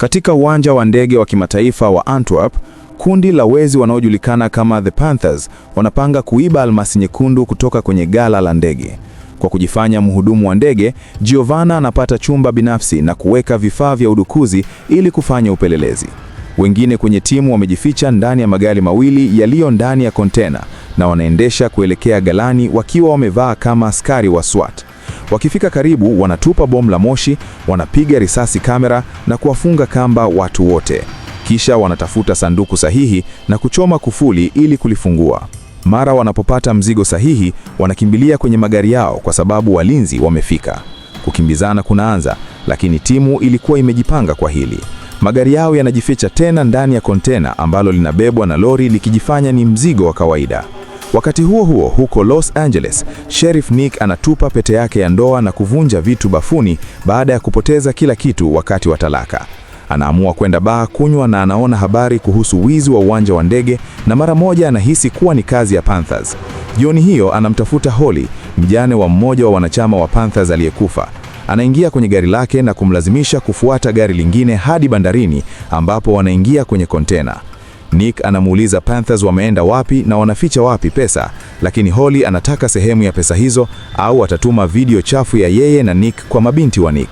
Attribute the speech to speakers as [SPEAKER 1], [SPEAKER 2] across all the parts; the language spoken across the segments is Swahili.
[SPEAKER 1] Katika uwanja wa ndege wa kimataifa wa Antwerp, kundi la wezi wanaojulikana kama The Panthers wanapanga kuiba almasi nyekundu kutoka kwenye gala la ndege. Kwa kujifanya mhudumu wa ndege, Giovanna anapata chumba binafsi na kuweka vifaa vya udukuzi ili kufanya upelelezi. Wengine kwenye timu wamejificha ndani ya magari mawili yaliyo ndani ya kontena na wanaendesha kuelekea galani wakiwa wamevaa kama askari wa SWAT. Wakifika karibu, wanatupa bomu la moshi, wanapiga risasi kamera na kuwafunga kamba watu wote. Kisha wanatafuta sanduku sahihi na kuchoma kufuli ili kulifungua. Mara wanapopata mzigo sahihi, wanakimbilia kwenye magari yao kwa sababu walinzi wamefika. Kukimbizana kunaanza, lakini timu ilikuwa imejipanga kwa hili. Magari yao yanajificha tena ndani ya kontena ambalo linabebwa na lori likijifanya ni mzigo wa kawaida. Wakati huo huo, huko Los Angeles, Sheriff Nick anatupa pete yake ya ndoa na kuvunja vitu bafuni baada ya kupoteza kila kitu wakati wa talaka. Anaamua kwenda baa kunywa na anaona habari kuhusu wizi wa uwanja wa ndege na mara moja anahisi kuwa ni kazi ya Panthers. Jioni hiyo anamtafuta Holly, mjane wa mmoja wa wanachama wa Panthers aliyekufa. Anaingia kwenye gari lake na kumlazimisha kufuata gari lingine hadi bandarini ambapo wanaingia kwenye kontena. Nick anamuuliza Panthers wameenda wapi na wanaficha wapi pesa, lakini Holly anataka sehemu ya pesa hizo au atatuma video chafu ya yeye na Nick kwa mabinti wa Nick.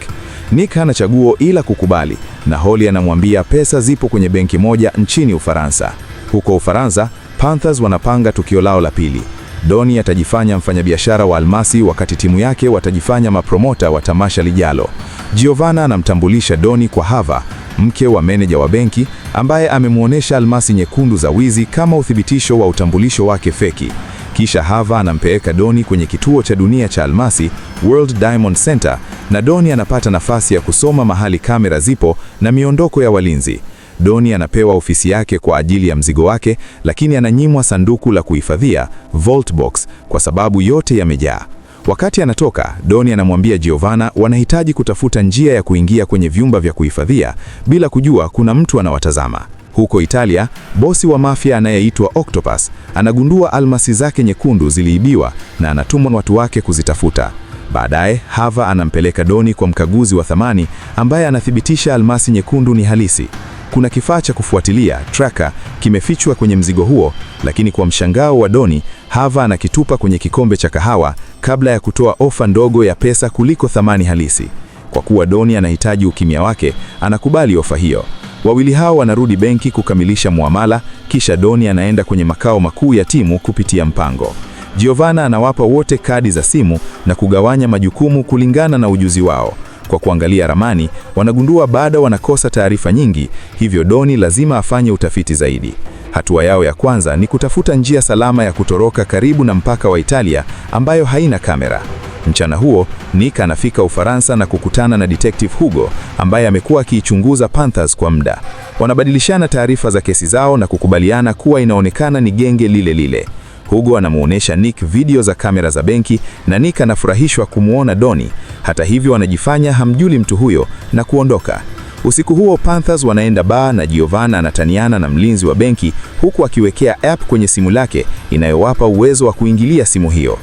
[SPEAKER 1] Nick hana chaguo ila kukubali na Holly anamwambia pesa zipo kwenye benki moja nchini Ufaransa. Huko Ufaransa, Panthers wanapanga tukio lao la pili. Doni atajifanya mfanyabiashara wa almasi wakati timu yake watajifanya mapromota wa tamasha lijalo. Giovanna anamtambulisha Doni kwa Hava mke wa meneja wa benki, ambaye amemwonyesha almasi nyekundu za wizi kama uthibitisho wa utambulisho wake feki. Kisha Hava anampeleka Doni kwenye kituo cha dunia cha almasi World Diamond Center, na Doni anapata nafasi ya kusoma mahali kamera zipo na miondoko ya walinzi. Doni anapewa ofisi yake kwa ajili ya mzigo wake, lakini ananyimwa sanduku la kuhifadhia vault box kwa sababu yote yamejaa. Wakati anatoka, Doni anamwambia Giovanna wanahitaji kutafuta njia ya kuingia kwenye vyumba vya kuhifadhia bila kujua kuna mtu anawatazama. Huko Italia, bosi wa mafia anayeitwa Octopus anagundua almasi zake nyekundu ziliibiwa na anatumwa watu wake kuzitafuta. Baadaye, Hava anampeleka Doni kwa mkaguzi wa thamani ambaye anathibitisha almasi nyekundu ni halisi. Kuna kifaa cha kufuatilia tracker kimefichwa kwenye mzigo huo, lakini kwa mshangao wa Doni, Hava anakitupa kwenye kikombe cha kahawa kabla ya kutoa ofa ndogo ya pesa kuliko thamani halisi. Kwa kuwa Doni anahitaji ukimya wake, anakubali ofa hiyo. Wawili hao wanarudi benki kukamilisha muamala, kisha Doni anaenda kwenye makao makuu ya timu kupitia mpango. Giovanna anawapa wote kadi za simu na kugawanya majukumu kulingana na ujuzi wao. Kwa kuangalia ramani, wanagundua bado wanakosa taarifa nyingi, hivyo Doni lazima afanye utafiti zaidi. Hatua yao ya kwanza ni kutafuta njia salama ya kutoroka karibu na mpaka wa Italia ambayo haina kamera. Mchana huo Nick anafika Ufaransa na kukutana na Detective Hugo ambaye amekuwa akiichunguza Panthers kwa muda. Wanabadilishana taarifa za kesi zao na kukubaliana kuwa inaonekana ni genge lile lile. Hugo anamuonesha Nick video za kamera za benki na Nick anafurahishwa kumwona Doni. Hata hivyo, anajifanya hamjuli mtu huyo na kuondoka. Usiku huo Panthers wanaenda baa na Giovanna anataniana na mlinzi wa benki huku akiwekea app kwenye simu lake inayowapa uwezo wa kuingilia simu hiyo.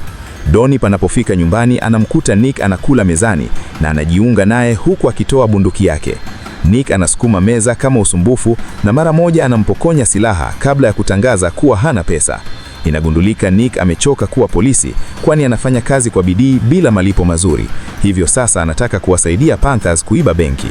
[SPEAKER 1] Doni panapofika nyumbani anamkuta Nick anakula mezani na anajiunga naye huku akitoa bunduki yake. Nick anasukuma meza kama usumbufu na mara moja anampokonya silaha kabla ya kutangaza kuwa hana pesa. Inagundulika Nick amechoka kuwa polisi, kwani anafanya kazi kwa bidii bila malipo mazuri. Hivyo sasa anataka kuwasaidia Panthers kuiba benki.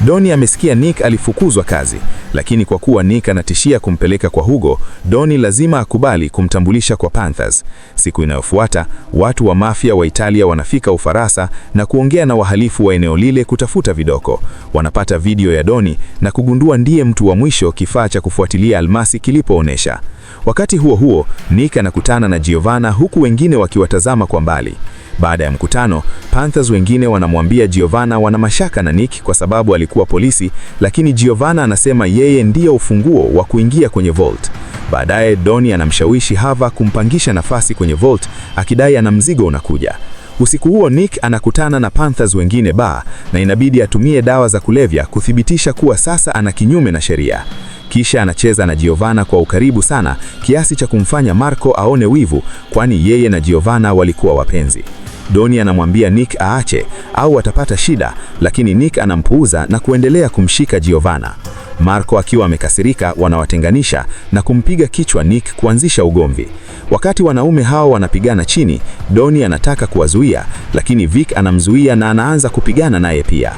[SPEAKER 1] Doni amesikia Nick alifukuzwa kazi, lakini kwa kuwa Nick anatishia kumpeleka kwa Hugo, Doni lazima akubali kumtambulisha kwa Panthers. Siku inayofuata, watu wa mafia wa Italia wanafika Ufaransa na kuongea na wahalifu wa eneo lile kutafuta vidoko. Wanapata video ya Doni na kugundua ndiye mtu wa mwisho kifaa cha kufuatilia almasi kilipoonesha. Wakati huo huo, Nick anakutana na Giovanna huku wengine wakiwatazama kwa mbali. Baada ya mkutano, Panthers wengine wanamwambia Giovanna wana mashaka na Nick kwa sababu alikuwa polisi, lakini Giovanna anasema yeye ndiyo ufunguo wa kuingia kwenye vault. Baadaye doni anamshawishi Hava kumpangisha nafasi kwenye vault akidai ana mzigo unakuja. Usiku huo Nick anakutana na Panthers wengine ba na inabidi atumie dawa za kulevya kuthibitisha kuwa sasa ana kinyume na sheria. Kisha anacheza na Giovanna kwa ukaribu sana kiasi cha kumfanya Marco aone wivu kwani yeye na Giovanna walikuwa wapenzi. Doni anamwambia Nick aache au atapata shida, lakini Nick anampuuza na kuendelea kumshika Giovanna. Marco akiwa amekasirika, wanawatenganisha na kumpiga kichwa Nick kuanzisha ugomvi. Wakati wanaume hao wanapigana chini, Doni anataka kuwazuia, lakini Vic anamzuia na anaanza kupigana naye pia.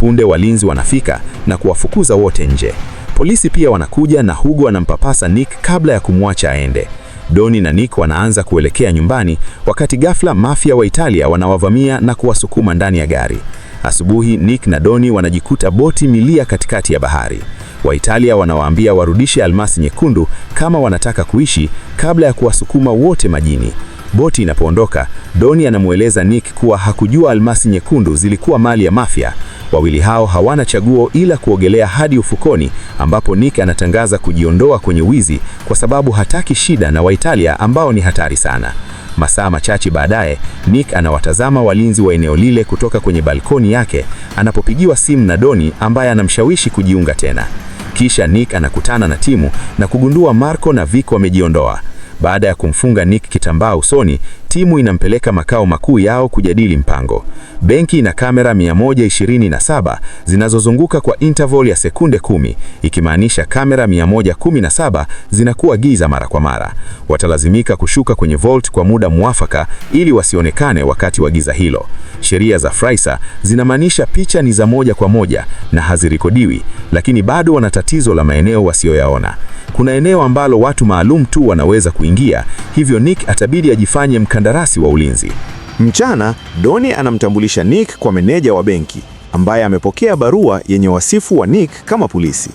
[SPEAKER 1] Punde walinzi wanafika na kuwafukuza wote nje. Polisi pia wanakuja na Hugo anampapasa Nick kabla ya kumwacha aende. Doni na Nick wanaanza kuelekea nyumbani, wakati ghafla mafia wa Italia wanawavamia na kuwasukuma ndani ya gari. Asubuhi, Nick na Doni wanajikuta boti milia katikati ya bahari. Waitalia wanawaambia warudishe almasi nyekundu kama wanataka kuishi, kabla ya kuwasukuma wote majini. Boti inapoondoka, Doni anamweleza Nick kuwa hakujua almasi nyekundu zilikuwa mali ya mafia. Wawili hao hawana chaguo ila kuogelea hadi ufukoni, ambapo Nick anatangaza kujiondoa kwenye wizi kwa sababu hataki shida na Waitalia ambao ni hatari sana. Masaa machache baadaye, Nick anawatazama walinzi wa eneo lile kutoka kwenye balkoni yake anapopigiwa simu na Doni ambaye anamshawishi kujiunga tena. Kisha Nick anakutana na timu na kugundua Marco na Vic wamejiondoa. Baada ya kumfunga Nick kitambaa usoni, Timu inampeleka makao makuu yao kujadili mpango. Benki ina kamera 127 zinazozunguka kwa interval ya sekunde kumi, ikimaanisha kamera 117 zinakuwa giza mara kwa mara. Watalazimika kushuka kwenye vault kwa muda mwafaka ili wasionekane wakati wa giza hilo. Sheria za Fraiser zinamaanisha picha ni za moja kwa moja na hazirekodiwi, lakini bado wana tatizo la maeneo wasiyoyaona. Kuna eneo ambalo watu maalum tu wanaweza kuingia, hivyo Nick atabidi ajifanye mka mkandarasi wa ulinzi.
[SPEAKER 2] Mchana, Doni anamtambulisha Nick kwa meneja wa benki ambaye amepokea barua yenye wasifu wa Nick kama polisi.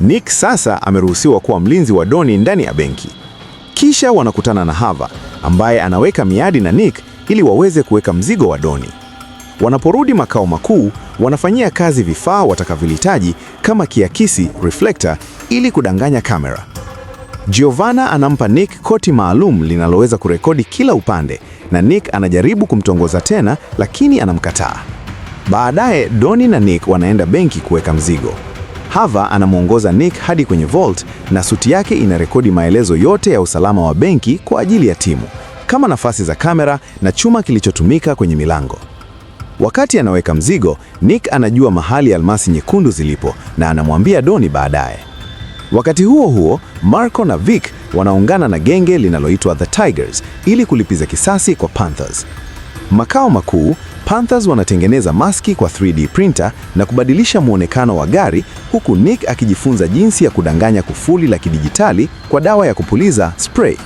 [SPEAKER 2] Nick sasa ameruhusiwa kuwa mlinzi wa Doni ndani ya benki. Kisha wanakutana na Hava ambaye anaweka miadi na Nick ili waweze kuweka mzigo wa Doni. Wanaporudi makao makuu, wanafanyia kazi vifaa watakavyohitaji kama kiakisi, reflector ili kudanganya kamera. Giovanna anampa Nick koti maalum linaloweza kurekodi kila upande na Nick anajaribu kumtongoza tena, lakini anamkataa. Baadaye Donnie na Nick wanaenda benki kuweka mzigo. Hava anamwongoza Nick hadi kwenye vault na suti yake inarekodi maelezo yote ya usalama wa benki kwa ajili ya timu, kama nafasi za kamera na chuma kilichotumika kwenye milango. Wakati anaweka mzigo, Nick anajua mahali almasi nyekundu zilipo na anamwambia Donnie baadaye. Wakati huo huo, Marco na Vic wanaungana na genge linaloitwa The Tigers ili kulipiza kisasi kwa Panthers. Makao makuu, Panthers wanatengeneza maski kwa 3D printer na kubadilisha muonekano wa gari huku Nick akijifunza jinsi ya kudanganya kufuli la kidijitali kwa dawa ya kupuliza spray.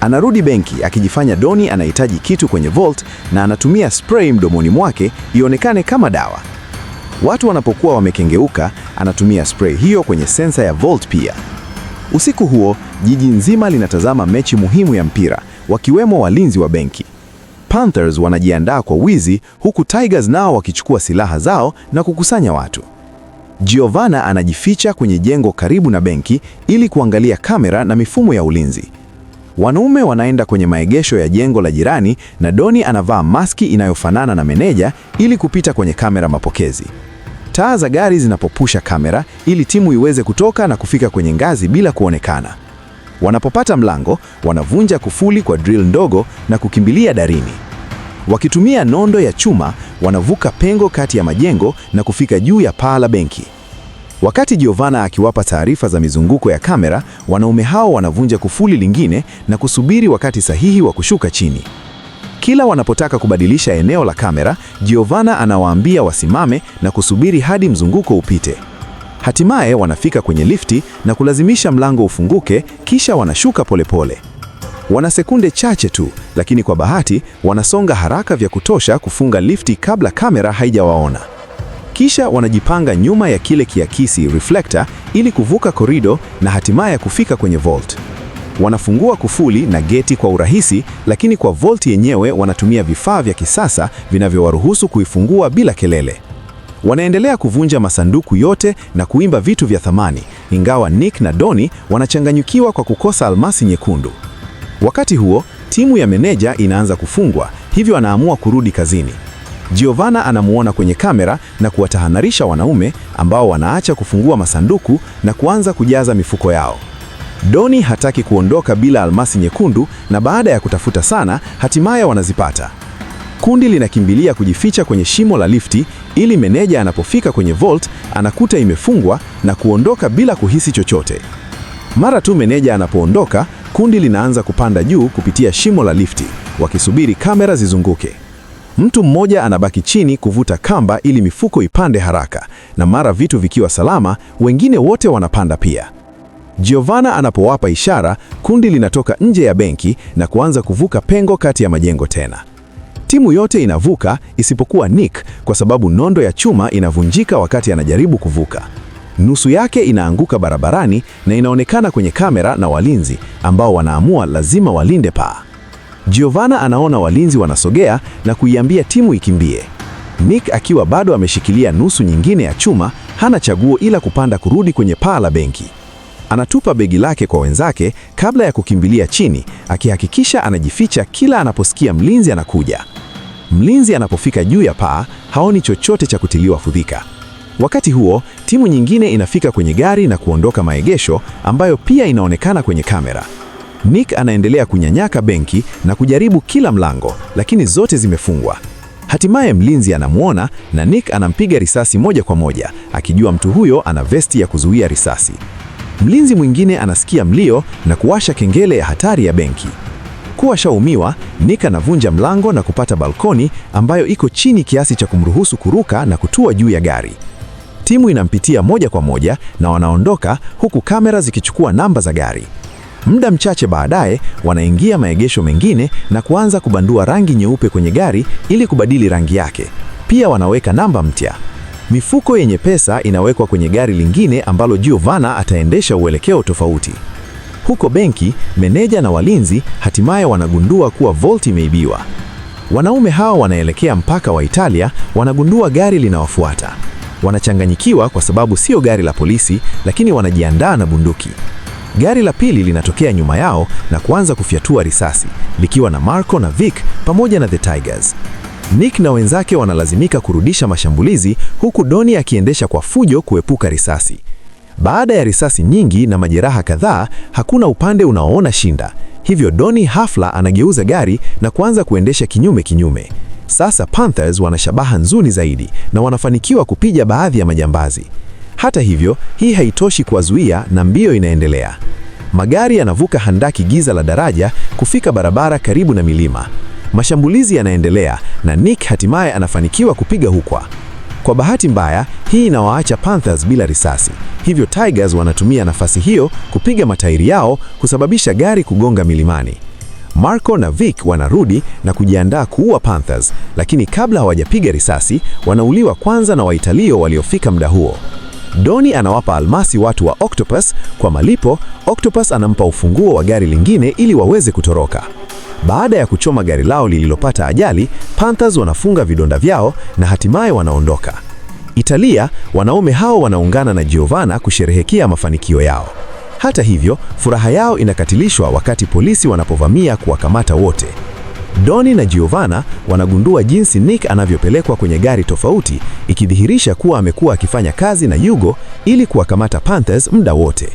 [SPEAKER 2] Anarudi benki akijifanya Doni anahitaji kitu kwenye vault na anatumia spray mdomoni mwake ionekane kama dawa. Watu wanapokuwa wamekengeuka, anatumia spray hiyo kwenye sensa ya Volt pia. Usiku huo, jiji nzima linatazama mechi muhimu ya mpira, wakiwemo walinzi wa benki. Panthers wanajiandaa kwa wizi, huku Tigers nao wakichukua silaha zao na kukusanya watu. Giovanna anajificha kwenye jengo karibu na benki ili kuangalia kamera na mifumo ya ulinzi. Wanaume wanaenda kwenye maegesho ya jengo la jirani na Doni anavaa maski inayofanana na meneja ili kupita kwenye kamera mapokezi taa za gari zinapopusha kamera ili timu iweze kutoka na kufika kwenye ngazi bila kuonekana. Wanapopata mlango, wanavunja kufuli kwa drill ndogo na kukimbilia darini. Wakitumia nondo ya chuma, wanavuka pengo kati ya majengo na kufika juu ya paa la benki. Wakati Giovanna akiwapa taarifa za mizunguko ya kamera, wanaume hao wanavunja kufuli lingine na kusubiri wakati sahihi wa kushuka chini. Kila wanapotaka kubadilisha eneo la kamera, Giovanna anawaambia wasimame na kusubiri hadi mzunguko upite. Hatimaye wanafika kwenye lifti na kulazimisha mlango ufunguke, kisha wanashuka polepole. Wana sekunde chache tu, lakini kwa bahati wanasonga haraka vya kutosha kufunga lifti kabla kamera haijawaona. Kisha wanajipanga nyuma ya kile kiakisi reflector ili kuvuka korido na hatimaye kufika kwenye vault. Wanafungua kufuli na geti kwa urahisi, lakini kwa Volt yenyewe wanatumia vifaa vya kisasa vinavyowaruhusu kuifungua bila kelele. Wanaendelea kuvunja masanduku yote na kuimba vitu vya thamani, ingawa Nick na doni wanachanganyikiwa kwa kukosa almasi nyekundu. Wakati huo, timu ya meneja inaanza kufungwa, hivyo anaamua kurudi kazini. Giovanna anamuona kwenye kamera na kuwatahanarisha wanaume ambao wanaacha kufungua masanduku na kuanza kujaza mifuko yao. Doni hataki kuondoka bila almasi nyekundu, na baada ya kutafuta sana, hatimaye wanazipata. Kundi linakimbilia kujificha kwenye shimo la lifti, ili meneja anapofika kwenye vault anakuta imefungwa na kuondoka bila kuhisi chochote. Mara tu meneja anapoondoka, kundi linaanza kupanda juu kupitia shimo la lifti, wakisubiri kamera zizunguke. Mtu mmoja anabaki chini kuvuta kamba ili mifuko ipande haraka, na mara vitu vikiwa salama, wengine wote wanapanda pia. Giovanna anapowapa ishara, kundi linatoka nje ya benki na kuanza kuvuka pengo kati ya majengo tena. Timu yote inavuka isipokuwa Nick kwa sababu nondo ya chuma inavunjika wakati anajaribu kuvuka. Nusu yake inaanguka barabarani na inaonekana kwenye kamera na walinzi ambao wanaamua lazima walinde paa. Giovanna anaona walinzi wanasogea na kuiambia timu ikimbie. Nick akiwa bado ameshikilia nusu nyingine ya chuma, hana chaguo ila kupanda kurudi kwenye paa la benki. Anatupa begi lake kwa wenzake kabla ya kukimbilia chini, akihakikisha anajificha kila anaposikia mlinzi anakuja. Mlinzi anapofika juu ya paa, haoni chochote cha kutiliwa fudhika. Wakati huo, timu nyingine inafika kwenye gari na kuondoka maegesho ambayo pia inaonekana kwenye kamera. Nick anaendelea kunyanyaka benki na kujaribu kila mlango, lakini zote zimefungwa. Hatimaye mlinzi anamwona na Nick anampiga risasi moja kwa moja, akijua mtu huyo ana vesti ya kuzuia risasi. Mlinzi mwingine anasikia mlio na kuwasha kengele ya hatari ya benki. kuwa shaumiwa Nick anavunja mlango na kupata balkoni ambayo iko chini kiasi cha kumruhusu kuruka na kutua juu ya gari. Timu inampitia moja kwa moja na wanaondoka huku kamera zikichukua namba za gari. Muda mchache baadaye, wanaingia maegesho mengine na kuanza kubandua rangi nyeupe kwenye gari ili kubadili rangi yake. Pia wanaweka namba mpya. Mifuko yenye pesa inawekwa kwenye gari lingine ambalo Giovanna ataendesha uelekeo tofauti. Huko benki, meneja na walinzi hatimaye wanagundua kuwa vault imeibiwa. Wanaume hao wanaelekea mpaka wa Italia, wanagundua gari linawafuata. Wanachanganyikiwa kwa sababu sio gari la polisi, lakini wanajiandaa na bunduki. Gari la pili linatokea nyuma yao na kuanza kufyatua risasi likiwa na Marco na Vic pamoja na the Tigers. Nick na wenzake wanalazimika kurudisha mashambulizi huku Doni akiendesha kwa fujo kuepuka risasi. Baada ya risasi nyingi na majeraha kadhaa, hakuna upande unaoona shinda. Hivyo Doni hafla anageuza gari na kuanza kuendesha kinyume kinyume. Sasa Panthers wana shabaha nzuri zaidi na wanafanikiwa kupiga baadhi ya majambazi. Hata hivyo, hii haitoshi kuwazuia na mbio inaendelea. Magari yanavuka handaki giza la daraja kufika barabara karibu na milima. Mashambulizi yanaendelea na Nick hatimaye anafanikiwa kupiga hukwa. Kwa bahati mbaya, hii inawaacha Panthers bila risasi, hivyo Tigers wanatumia nafasi hiyo kupiga matairi yao kusababisha gari kugonga milimani. Marco na Vic wanarudi na kujiandaa kuua Panthers, lakini kabla hawajapiga risasi, wanauliwa kwanza na Waitalio waliofika muda huo. Doni anawapa almasi watu wa Octopus kwa malipo. Octopus anampa ufunguo wa gari lingine ili waweze kutoroka. Baada ya kuchoma gari lao lililopata ajali, Panthers wanafunga vidonda vyao na hatimaye wanaondoka. Italia, wanaume hao wanaungana na Giovanna kusherehekea mafanikio yao. Hata hivyo, furaha yao inakatilishwa wakati polisi wanapovamia kuwakamata wote. Doni na Giovanna wanagundua jinsi Nick anavyopelekwa kwenye gari tofauti, ikidhihirisha kuwa amekuwa akifanya kazi na Yugo ili kuwakamata Panthers muda wote.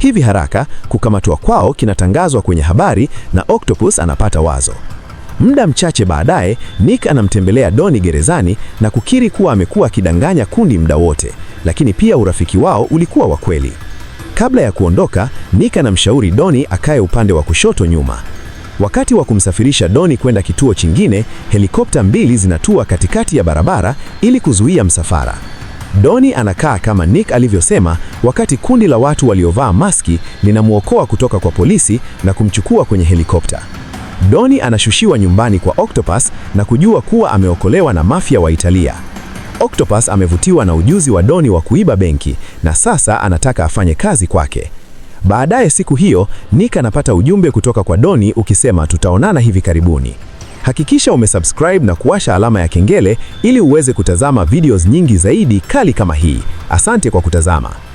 [SPEAKER 2] Hivi haraka kukamatwa kwao kinatangazwa kwenye habari na Octopus anapata wazo. Muda mchache baadaye, Nick anamtembelea Doni gerezani na kukiri kuwa amekuwa akidanganya kundi muda wote, lakini pia urafiki wao ulikuwa wa kweli. Kabla ya kuondoka, Nick anamshauri Doni akae upande wa kushoto nyuma. Wakati wa kumsafirisha Doni kwenda kituo chingine, helikopta mbili zinatua katikati ya barabara ili kuzuia msafara. Doni anakaa kama Nick alivyosema, wakati kundi la watu waliovaa maski linamwokoa kutoka kwa polisi na kumchukua kwenye helikopta. Doni anashushiwa nyumbani kwa Octopus na kujua kuwa ameokolewa na mafia wa Italia. Octopus amevutiwa na ujuzi wa Doni wa kuiba benki na sasa anataka afanye kazi kwake. Baadaye siku hiyo, Nick anapata ujumbe kutoka kwa Doni ukisema tutaonana hivi karibuni. Hakikisha umesubscribe na kuwasha alama ya kengele ili uweze kutazama videos nyingi zaidi kali kama hii. Asante kwa kutazama.